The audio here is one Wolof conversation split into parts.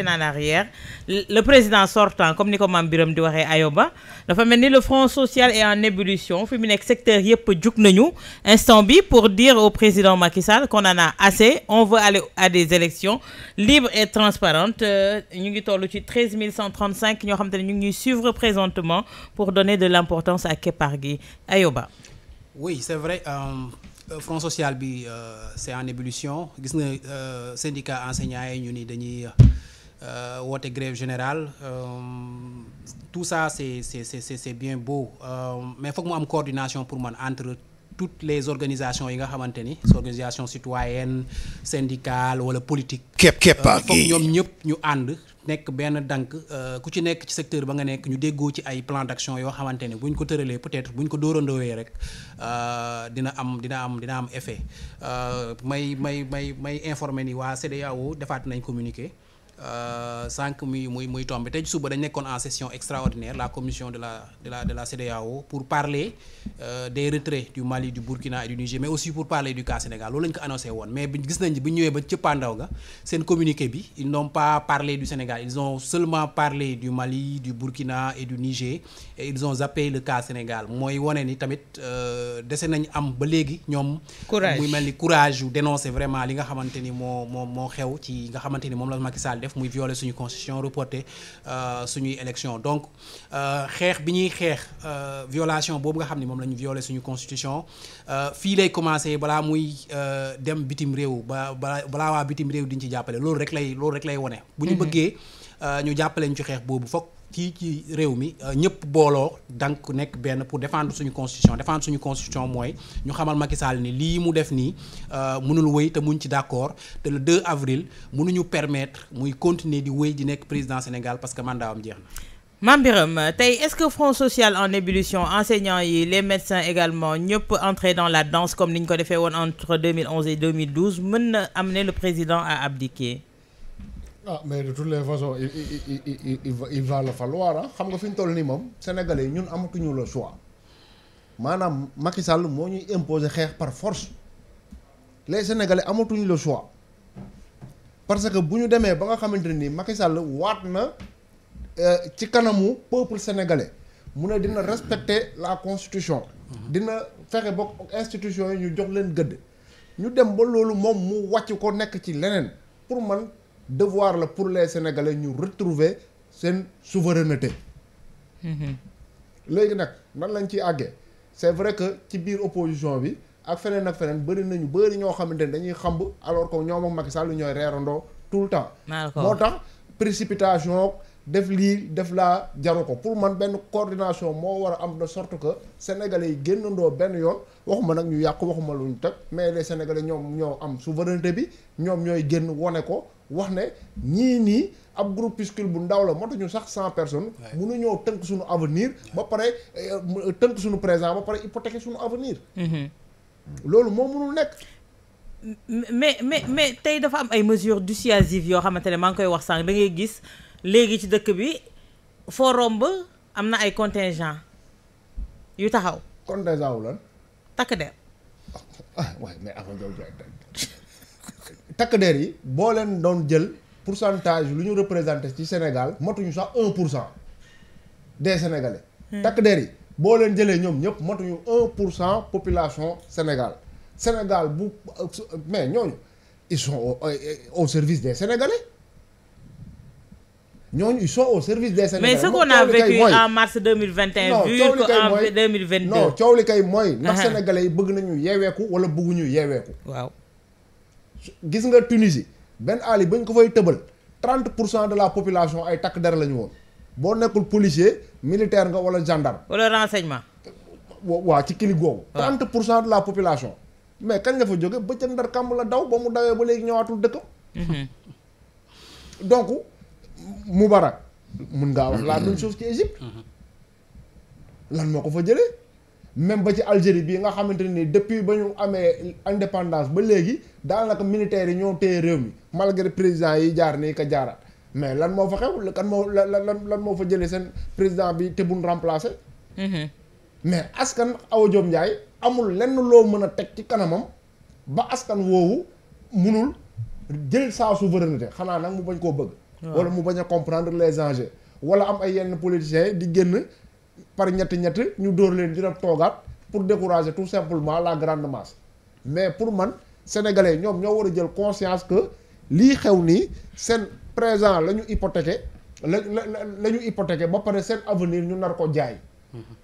en arrière le président sortant comme ni ko maam Biram di waxee Ayoba dafa mel ni le front social est en ébullition fi mu nekk secteur yëpp jug nañu instant bi pour dire au président Macky Sall qu'on en a assez on veut aller à des élections libres et transparentes euh, ñu ngi toll ci 13 135 ñoo xam te ñu ngi ñuy suivre présentement pour donner de l'importance à Keppar gi Ayoba oui c'est vrai euh, euh, front social bi c'est en ébullition gis nga syndicat enseignants yi ñu ni dañuy Euh, woote grève générale euh, tout ça c'est c'est c'est bien beau euh, mais foog mu am coordination pour man entre toutes les organisations yi nga xamante ni organisation citoyenne syndicale wala politique képp képp foog ñoom ñëpp ñu ànd nekk benn dànk ku ci nekk ci secteur ba nga nekk ñu déggoo ci ay plan d'action yoo xamante ne buñ ko tëralee peut-être buñ ko dóorandoowee rek dina am dina am dina am effet may may may may informer ni waa CEDEAO defaat nañ communiqué Euh, sànq muy muy muy tombé tey suba dañ nekkoon en session extraordinaire la commission de la de la de la CEDEAO pour parler euh, des retraits du Mali du Burkina et du Niger ils n'ont pas cas Sénégal mooy wane ni tamit euh, dese nañ am ba léegi ñoom courage yu dénoncer vraiment li nga xamante ni moo moo xew ci nga xamante ni moom la Macky Sall def def muy violer suñu constitution reporter euh, suñuy élection donc euh, xeex bi ñuy xeex euh, violation boobu nga xam ne moom la ñu violer suñu constitution fii lay commencer balaa muy dem bitim réew ba balaa waa bitim réew diñ ci jàppale loolu rek lay loolu rek lay wone bu ñu mhm. bëggee ñu jàppale ñu ci xeex boobu fokk ci ci réew mi euh, ñëpp booloo dank nekk benn pour défendre suñu constitution défendre suñu constitution mooy ñu xamal Macky Sall ni lii mu def nii euh, mënul wëy te muñ ci d'accord te le 2 avril mënuñu permettre muy continuer di wëy di nekk président Sénégal parce que mandat am jeex na. Mame Birame tey est-ce que front social en ébullition enseignants yi les médecins également ñëpp entrer dans la danse comme ni ñu ko defee woon entre 2011 et 2012 mën na amener le président à ah mais de toutes les façons il il xam nga fi ñu toll nii moom sénégalais yi ñun amatuñu le choix maanaam Macky moo ñuy imposer xeex par force les sénégalais amatuñu le choix parce que bu ñu demee ba nga xamante ne nii Macky Sall waat na euh, ci kanamu peuple sénégalais mu ne dina respecter la constitution. dina fexe bokk institution yi ñu jox leen gëdd. ñu dem ba loolu moom mu wàcc ko nekk ci leneen pour man. devoir la pour les sénégalais ñu retrouver seen souveraineté. Mhm. léegi nag nan lañ ci àggee c'est vrai que ci biir opposition bi ak feneen ak feneen bëri nañu bëri ñoo xamante ne dañuy xamb alors que ñoom ak Macky Sall ñooy reerandoo tout le temps. moo tax précipitation. def lii def laa jaru ko pour man benn coordination moo war a am de sorte que sénégalais yi génnandoo benn yoon waxuma nag ñu yàq waxuma lu ñu teg mais les sénégalais ñoom ñoo am souveraineté bi ñoom ñooy génn wone ko wax ne ñii nii ab groupuscule bu ndaw la matuñu sax cent personnes. mënu ñoo tënk suñu avenir. ba pare euh, tënk sunu présent ba pare hypothéquer suñu avenir. Mhm. loolu moo mënul nekk. mais mais mais tey dafa am ay mesures dissuasives yoo xamante ne maa ngi koy wax sànq da ngay gis. léegi ci dëkk bi foo romb am na ay contingent yu taxaw. contingent wu lan. takk der. mais Awa Ndiaye yi boo leen doon jël pourcentage lu ñu représenté ci Sénégal matuñu sax un pour cent des sénégalais. Hmm. takk der yi boo leen jëlee ñoom ñëpp matuñu un pour cent population Sénégal Sénégal bu euh, mais ñooñu ils sont au, au service des sénégalais. ñooñu ils sont au service des Sénégalais. mais ce qu'on a vécu en mars 2021. non coow li kay mooy 2022. non coow li kay mooy. ndax uh-huh. sénégalais bëgg nañu yeeweeku wala bëgguñu yeeweeku. waaw. gis nga Tunisie Ben Ali bañ ko fay tëbal 30 pour cent de la population ay takk der la ñu woon boo nekkul policier militaire nga wala gendarme. wala renseignement. waaw ci kili googu. 30 pour cent de la population. mais kañ la fa jóge bëccëg ndar kàmb la daw ba mu dawee ba léegi ñëwaatul dëkk. Uh-huh. Moubarak mun ngaa wax la même chose ci Égypte mhm. lan moo ko fa jëlee même ba ci Algérie bii nga xamante ni depuis ba ñu amee indépendance ba léegi daanaka militaires yi ñoo téye réew mi malgré président yi jaar nii ko jaaraat mais lan moo fa xew kan moo lan lan lan moo fa jëlee seen président bi te buñ remplacé mhm. mais askan Awa Diom Ndiaye amul lenn loo mën a teg ci kanamam ba askan woowu munul jël saa souveraineté xanaa nag mu bañ koo bëgg wala mu bañ a comprendre les enjeux wala am ay yenn politiciens di génn par ñett ñett ñu dóor leen dina toogaat pour décourager tout simplement la grande masse mais pour man sénégalais ñoom ñoo war a jël conscience que lii xew nii seen présent la ñu hypothéqué la la la hypothéqué ba pare seen avenir ñu nar ko jaay mm-hmm.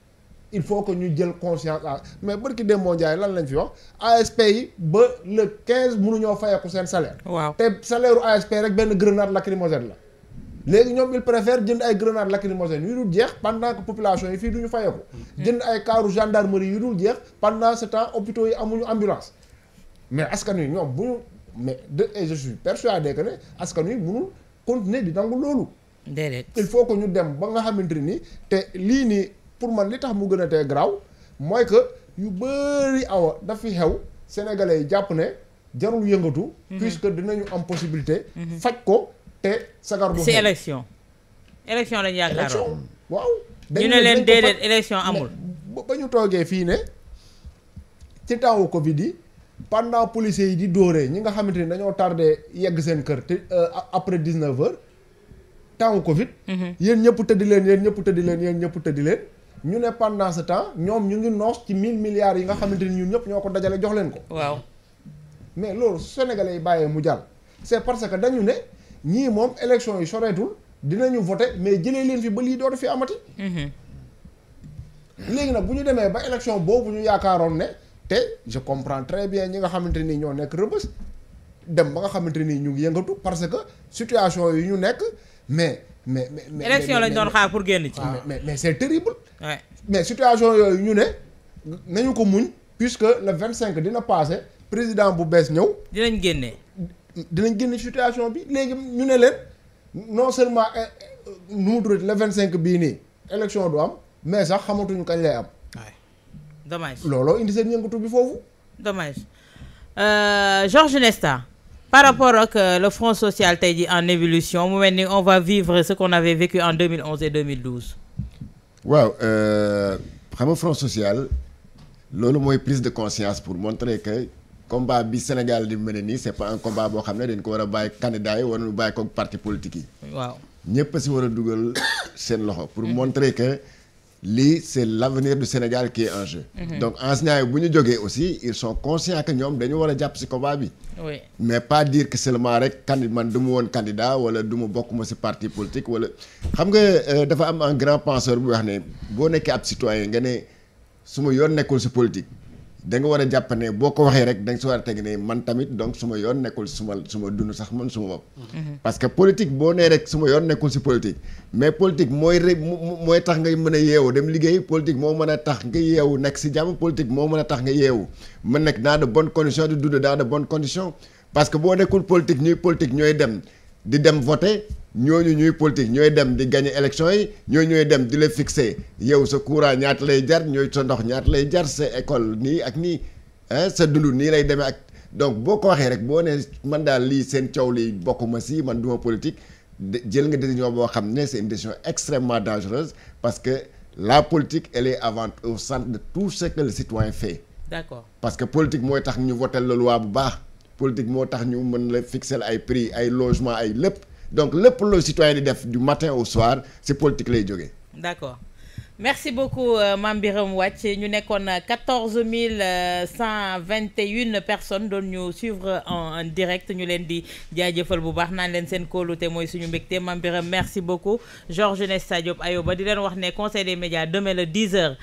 il faut que ñu jël conscience à mais barki Demba Ndiaye lan lañ fi wax ASP yi ba le 15 mënuñoo fayeeku seen salaire. waaw te salaire ñoom il préfère jënd ay grenade lacrymogène yu jeex pendant que population yi fii du ñu fayeeku. Mm. jënd ay kaaru gendarmerie yu dul jeex pendant ce temps mais askan wi ñoom bu mais de et je suis persuadé que ne askan wi mënul continuer di nangu loolu. il faut que ñu dem ba nga xamante ni te lii nii. pour man li tax mu gën a tee garaaw mooy que yu bëri awa dafi xew sénégalais yi jàpp ne jarul yëngatu. Mhm. puisque dinañu am possibilité. Mhm. faj ko te sagar bu. si élection élection lañu yaakaaroon waaw. dañu ne leen déedéet élection amul. ba ñu toogee fii ne ci temps Covid yi. pendant policiers yi di dóoree ñi nga xamante ni dañoo tardé yegg seen kër te euh, après 19 heures temps Covid. Mhm. yéen ñëpp tëddi leen yéen ñëpp tëddi leen yéen ñëpp tëddi leen. ñu ne pendant temps ñoom ñu ngi noos ci mille milliards yi nga xamante ni ñun ñëpp ñoo ko dajale jox leen ko. waaw mais loolu sénégalais yi bàyyee mu jàll. c'est parce que dañu ne ñii moom élection yi soreetul dinañu voter mais jëlee leen fi ba lii dootu fi amati. Mhm. léegi nag bu ñu demee ba élection boobu ñu yaakaaroon ne te je comprends très bien ñi nga xamante ni ñoo nekk rëbës dem ba nga xamante ni ñu ngi yëngatu parce que situation yi ñu nekk mais. mais mais élection lañ doon mais situation yooyu ñu ne nañu ko muñ puisque le vingt cinq dina passé président bu bees ñëw dinañ génne dinañ génne situation bi léegi ñu ne leen non seulement nu la tuddati le vingt cinq bii nii élection du am mais sax xamatuñu kañ lay am dommage looloo indi seen yëngatu bi foofu dommage euh, Georges Nesta par rapport ak euh, le front social tey ji en évolution mu mel ni on va vivre ce qu'on avait vécu en et waaw euh, xam nga front sociale loolu mooy prise de conscience pour montre que combat bi Sénégal di mën a nii c'est pas combat boo xam ne dañ ko war a bàyyi candidat yi war nañu bàyyi kook parti politique yi. waaw ñëpp si war a dugal seen loxo. pour mm-hmm. montre que. lii c' est l' du Sénégal qui est en jeu. Mhm. donc enseignants yi bu ñu jógee aussi ils sont conscients que ñoom dañu war a jàpp ci combat bi. mais pas dire que seulement rek candi man du mu woon candidat wala du mu bokk ma ci parti politique wala. xam nga euh, dafa am en grand penseur bu wax ne boo nekkee ab citoyen nga ne su ma yoon nekkul si politique. da nga war a jàpp ne boo ko waxee rek da si war a teg ne man tamit donc su ma yoon nekkul suma suma su ma dund sax man su bopp mm-hmm. parce que politique boo nee rek su yoon nekkul si politique mais politique mooy rek mooy tax ngay mën a yeewu dem liggéey politique moo mën a tax nga yeewu nekk si jàmm politique moo mën a tax nga yeewu man nekk dans de bonnes conditions di dund dans bon bonnes conditions que boo nekkul politique ñuy politique ñooy dem di dem voter ñooñu ñuy politique ñooy dem di gagné élection yi ñooñu ñooy dem di la fixé yow sa courant ñaata lay jar ñooy sa ndox ñaata lay jar sa école nii ak nii ah sa dund nii lay demee ak donc boo ko waxee rek boo nee man daal lii seen coow lii bokkuma sii man duma politique jël nga décision boo xam ne c'est une décision extrêmement dangereuse parce que la politique elle avant au centre de tout ce que le citoyen fait. d'accord parce que politique mooy tax ñu voter la bu baax politique moo tax ñu mën la fixer ay prix ay logement ay lépp. donc lépp loo citoyen di def du matin au soir si politique lay jógee. d'accord merci beaucoup euh, Mame Birame Wathie ñu nekkoon euh, quatorze mille cent vingt et une personnes doon ñu suivre en direct ñu leen di jaajëfal bu baax naan leen seen kóolute mooy suñu mbégte Mame Birame merci beaucoup Georges Nesta Diop Ayoba di leen wax ne conseil des médias demain le 10